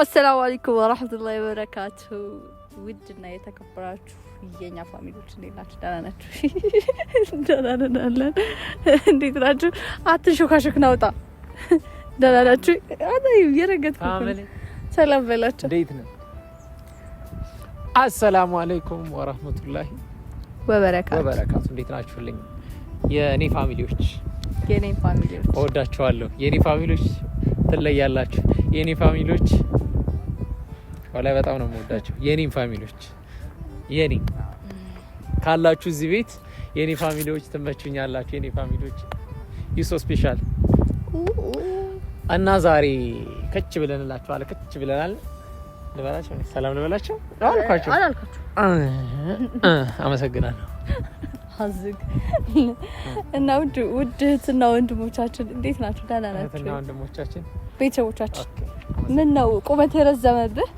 አሰላሙ አለይኩም ወራህመቱላሂ ወበረካቱ። ውድና የተከበራችሁ የኛ ፋሚሊዎች እንዴት ናችሁ? ደህና ናችሁ? ደህና ነን አለን። እንዴት ናችሁ? አትንሾካሾክ ናውጣ። ደህና ናችሁ? አታ የረገጥኩ ሰላም በላችሁ። እንዴት ነው? አሰላሙ አለይኩም ወራህመቱላሂ ወበረካቱ። ወበረካቱ እንዴት ናችሁልኝ? የኔ ፋሚሊዎች የኔ ፋሚሊዎች እወዳችኋለሁ። የኔ ፋሚሊዎች ትለያላችሁ። የኔ ፋሚሊዎች ወላሂ በጣም ነው የምወዳቸው የኔም ፋሚሊዎች የኔ ካላችሁ እዚህ ቤት የኔ ፋሚሊዎች ትመቹኛላችሁ። የኔ ፋሚሊዎች ይሶ ስፔሻል እና ዛሬ ከች ብለንላችኋል። ከች ብለናል። ልበላቸው ሰላም ልበላቸው አልኳቸው አላልኳቸው። አመሰግናለሁ። አዝግ እና ውድ ውድ እህትና ወንድሞቻችን እንዴት ናችሁ? ደህና ናችሁ? እህትና ወንድሞቻችን ቤተሰቦቻችን ምን ነው ቁመት የረዘመብህ?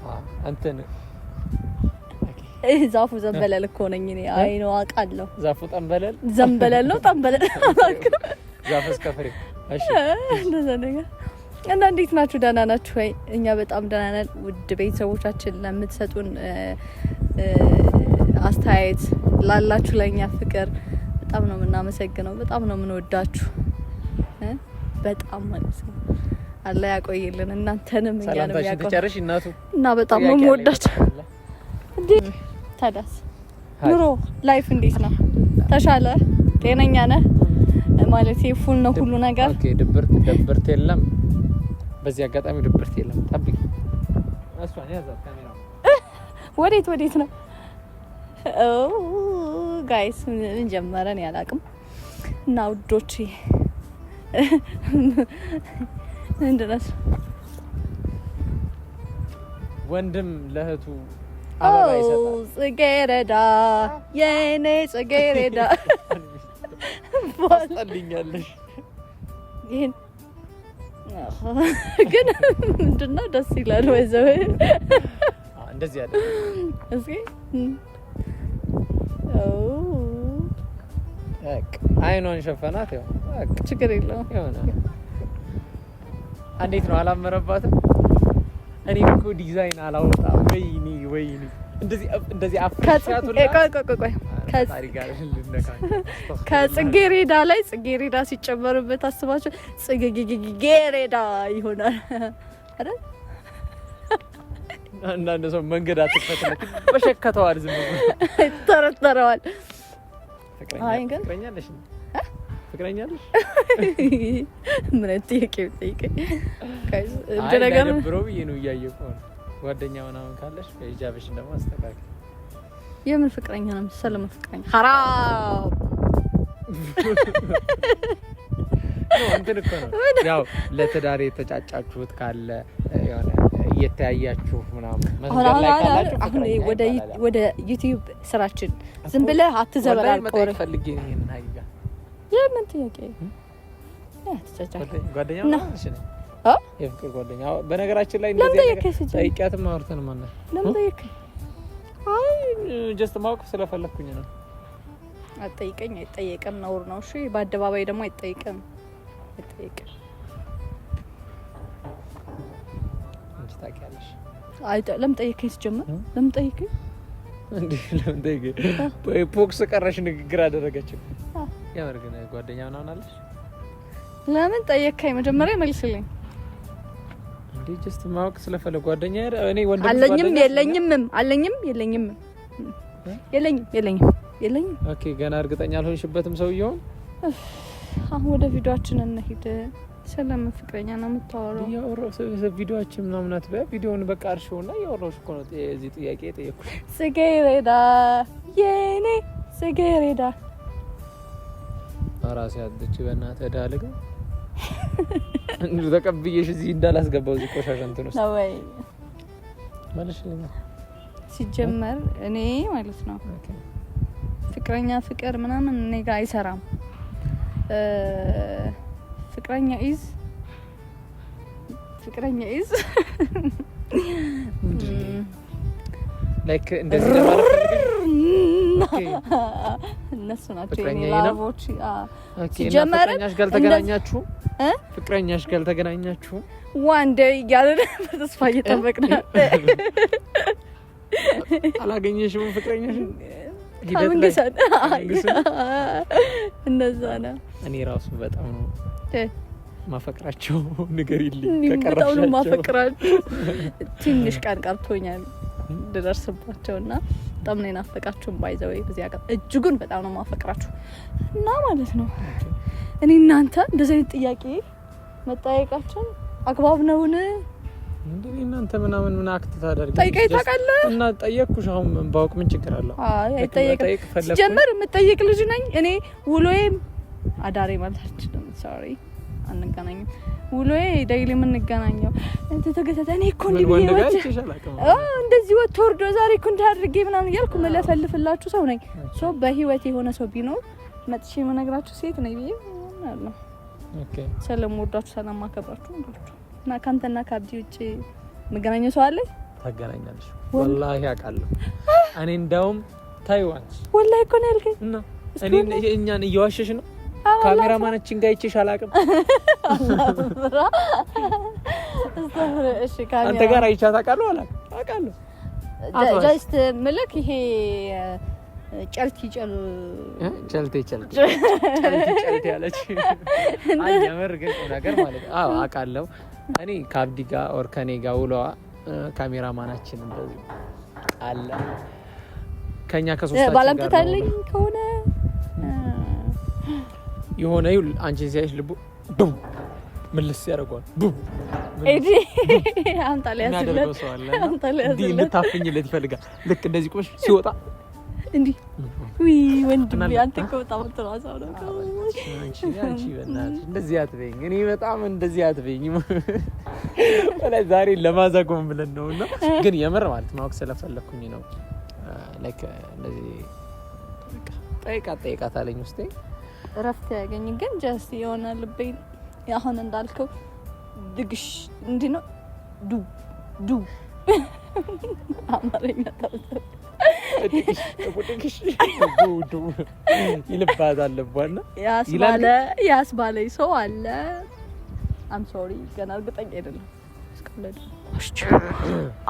እንትን ዛፉ ዘንበለል እኮ ነኝ እኔ። አይ ነው አውቃለሁ። ዛፉ ጠንበለል ዘንበለል ነው ጠንበለል ዛፍ እስከ ፍሬ። እንደዛ ነገር እና እንዴት ናችሁ? ደህና ናችሁ ወይ? እኛ በጣም ደህና ነን። ውድ ቤተሰቦቻችን ለምትሰጡን አስተያየት ላላችሁ ለእኛ ፍቅር በጣም ነው የምናመሰግነው። በጣም ነው የምንወዳችሁ። በጣም ማለት ነው አለ ያቆይልን እናንተንም እኛንም እናቱ እና በጣም ነው የምወዳቸው። እንዴ ታዲያስ ኑሮ ላይፍ እንዴት ነው? ተሻለ ጤነኛ ነህ ማለት ፉል ነው ሁሉ ነገር ኦኬ። ድብርት ድብርት የለም። በዚህ አጋጣሚ ድብርት የለም። ጠብቂ። እሷን ያዛት ካሜራ። ወዴት ወዴት ነው ጋይስ? ምን ጀመረን ያላቅም እና ውዶቼ እንድረስ ወንድም ለእህቱ አበባ ይሰጣል። ጽጌረዳ የኔ ጽጌረዳ አስጠልኛለሽ። ይህን ግን ምንድን ደስ ይላል። ወይዘው እንደዚህ ያለ እስኪ አይኗን ሸፈናት። ችግር የለውም። እንዴት ነው አላመረባትም? እኔ እኮ ዲዛይን አላወጣ። ወይኔ ወይኔ፣ እንደዚህ ከጽጌሬዳ ላይ ጽጌሬዳ ሲጨመርበት አስባቸው ጽጌሬዳ ይሆናል አይደል? አንዳንድ ሰው መንገድ አትፈትነት በሸከተዋል፣ ዝም ተረተረዋል። አይ ግን ፍቅረኛ ምን ጥያቄ ጠይቀኝ። ብዬ ነው እያየ ጓደኛ ምናምን ካለሽ ሂጃብሽን ደግሞ አስተካክል። የምን ፍቅረኛ ነው? ፍቅረኛ እንትን እኮ ነው ያው ለትዳር የተጫጫችሁት ካለ የሆነ እየተያያችሁ ምናምን ወደ ዩቲዩብ ስራችን ዝም ብለህ አትዘበራል። የምን ጥያቄ የፍቅር ጓደኛ በነገራችን ላይ ጠይቂያትም አውርተን ማናት ጀስት ማወቅ ስለፈለግኩኝ ነው። አትጠይቀኝ። አይጠየቅም፣ ነውር ነው። እሺ በአደባባይ ደግሞ አይጠይቅም፣ አይጠይቅም። ታውቂያለሽ። ለምን ጠየቀኝ? ሲጀመር ለምን ጠየቀኝ? ለምን ጠየቀኝ? ፖክስ ቀረሽ ንግግር አደረገችው። የምር ግን ጓደኛ ምናምን አለሽ? ለምን ጠየቅከኝ? መጀመሪያ መልስልኝ። እንዴ ጀስት ማወቅ ስለፈለ ጓደኛ እኔ ወንድ አለኝም የለኝም አለኝም የለኝም የለኝም የለኝም የለኝም። ኦኬ ገና እርግጠኛ አልሆንሽበትም ሰውየውን። አሁን ወደ ቪዲዮአችን እንሂድ። ስለምን ፍቅረኛ ነው የምታወራው? ያወራው ቪዲዮአችን ምናምን አትበያ። ቪዲዮውን በቃ አርሽውና ያወራውሽ እኮ ነው። እዚህ ጥያቄ ጠየቅኩሽ። ስገሬዳ የኔ ስገሬዳ አራሴ አትች በእናትህ ዳልግ እንዱ ተቀብዬሽ እዚህ እንዳላስገባው እዚህ ቆሻሻ እንትን ውስጥ ወይ መልሽልኝ። ሲጀመር እኔ ማለት ነው ፍቅረኛ ፍቅር ምናምን እኔ ጋር አይሰራም። ፍቅረኛ ኢዝ ፍቅረኛ ኢዝ ላይክ እንደዚህ ለማለት ፈልገሽ እነሱ ናቸው የኔ ላቦች። ሲጀመር ፍቅረኛሽ ጋር ተገናኛችሁ ፍቅረኛሽ ጋር ተገናኛችሁ ዋን ዴይ እያለ በተስፋ እየጠበቅን አላገኘሽም ፍቅረኛሽን እንደዛ ነው። እኔ ራሱ በጣም ነው ማፈቅራቸው። ንገሪልኝ። በጣም ነው ማፈቅራቸው። ትንሽ ቀን ቀርቶኛል። እንድደርስባቸው እና በጣም ነው የናፈቃችሁን ባይዘወይ በዚህ አቀ እጅጉን በጣም ነው ማፈቅራችሁ እና ማለት ነው እኔ እናንተ እንደዚህ አይነት ጥያቄ መጠያየቃችን አግባብ ነውን? እናንተ ምናምን ምን አክት ታደርግ ጠይቀኝ ታውቃለህ። እና ጠየቅኩሽ። አሁን ባውቅ ምን ችግር አለሁ አይ አይጠየቅም። ሲጀመር የምጠይቅ ልጅ ነኝ እኔ። ውሎዬም አዳሬ ማለት አልችልም። ሶሪ አንገናኝም። ውሎዬ ዳይሊ የምንገናኘው ተተገተተ እኔ እኮ እንዲህ እንደዚህ ወጥ ወርዶ ዛሬ እኮ እንዳድርጌ ምናምን እያልኩ መለፈልፍላችሁ ሰው ነኝ። ሶ በህይወት የሆነ ሰው ቢኖር መጥቼ የምነግራችሁ ሴት ነኝ ብዬ አለው። ሰላም ስለማከብራችሁ እንዳችሁ እና ከአንተና ከአብዲ ውጭ የምገናኘው ሰው አለ? ታገናኛለሽ፣ ወላሂ አውቃለሁ። እኔ እንዳውም ታይዋንስ ወላሂ እኮ ነው ያልከኝ። እኛን እየዋሸሽ ነው ካሜራማን እችን ጋር ይችሽ አላውቅም። አንተ ጋር አይቻ አውቃለሁ አላ አውቃለሁ። ጃስት ምልክ ይሄ ጨልቲ ጨል ጨልቲ ጨልቲ ጨልቲ ያለች አያመር ግን ነገር ማለት አዎ አውቃለሁ። እኔ ከአብዲ ጋር ኦር ከኔ ጋር ውለዋ ካሜራማናችን እንደዚህ አለ ከኛ ከሶስታችን ጋር ባላምጥታለኝ ከሆነ የሆነ አንቺን ሲያይሽ ልቡ ቡም ምልስ ያደርገዋል። ቡም ኤዲ ይፈልጋል። ልክ እንደዚህ ቁመሽ ሲወጣ እንዲህ ውይ ወንድም አንተ እኮ በጣም ነው። እንደዚህ አትበይኝ፣ እኔ በጣም እንደዚህ አትበይኝ። ዛሬ ለማዛጎም ብለን ነው እና ግን የምር ማለት ማወቅ ስለፈለኩኝ ነው። ላይክ እንደዚህ ጠይቃት ጠይቃት አለኝ ውስጤ እረፍት ያገኝ። ግን ጀስት የሆነ ልቤ አሁን እንዳልከው ድግሽ እንዲህ ነው ዱ ዱ አማርኛ ይልባት አለቧና ያስባለኝ ሰው አለ። አም ሶሪ ገና እርግጠኛ አይደለም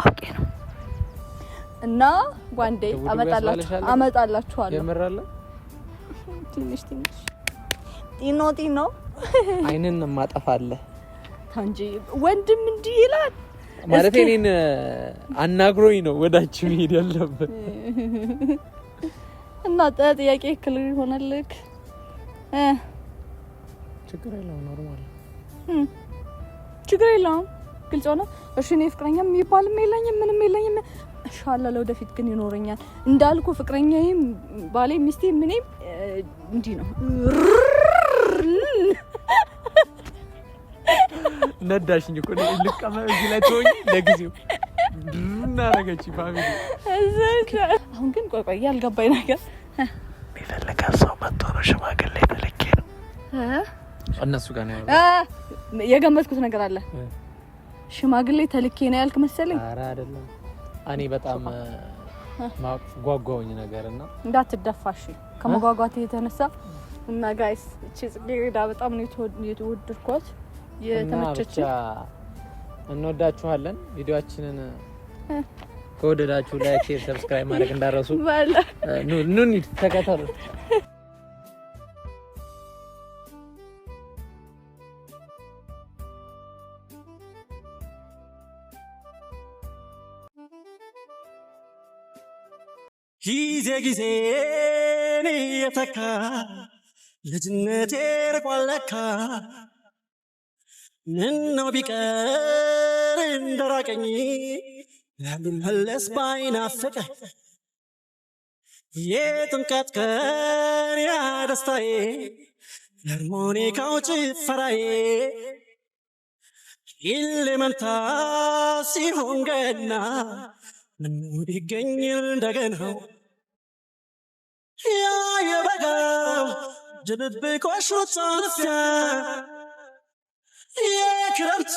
አውቄ ነው እና አመጣላችኋለሁ። ትንሽ ትንሽ ጢኖ ጢኖ አይንን ማጠፋለ ታንጂ ወንድም እንዲህ ይላል ማለት እኔን አናግሮኝ ነው ወዳችሁ መሄድ ያለበት እና ጥያቄ ክል ይሆናልክ ችግር የለውም ኖርማል ችግር የለውም ግልጽ ሆነ እሺ እኔ ፍቅረኛ የሚባልም የለኝም ምንም የለኝም ሻላ ለወደፊት ግን ይኖረኛል እንዳልኩ ፍቅረኛዬም ባሌ ሚስቴ ምኔም እንዲህ ነው። ነዳሽኝ እኮ ልቀመ እዚህ ላይ ተወኝ ለጊዜው እናረገች ፋሚሊ። አሁን ግን ቆይ ቆይ ያልገባኝ ነገር የሚፈልጋት ሰው መጥቶ ነው ሽማግሌ ተልኬ ነው እነሱ ጋር ነው የገመትኩት ነገር አለ። ሽማግሌ ተልኬ ነው ያልክ መሰለኝ። ኧረ አይደለም እኔ በጣም ጓጓውኝ ነገር እና እንዳትደፋሽ ከመጓጓት የተነሳ እና ጋይስ እቺ ጽጌረዳ በጣም ነው የተወደድኳት፣ የተመቸች። እንወዳችኋለን። ቪዲዮአችንን ከወደዳችሁ ላይክ፣ ሼር፣ ሰብስክራይብ ማድረግ እንዳረሱ ኑ ተከተሉ። ጊዜ ጊዜን እየተካ ልጅነቴ ርቋል ለካ ነው ቢቀር እንደራቀኝ ብመለስ ባይናፍቅ የጥምቀት ቀን ያደስታዬ ደስታዬ የአርሞኒካው ጭፈራዬ ኢሌመንታ ሲሆን ገና ምነው ቢገኝ እንደገናው ያ የበጋው ድብብቆሽ ወጣ የክረምቱ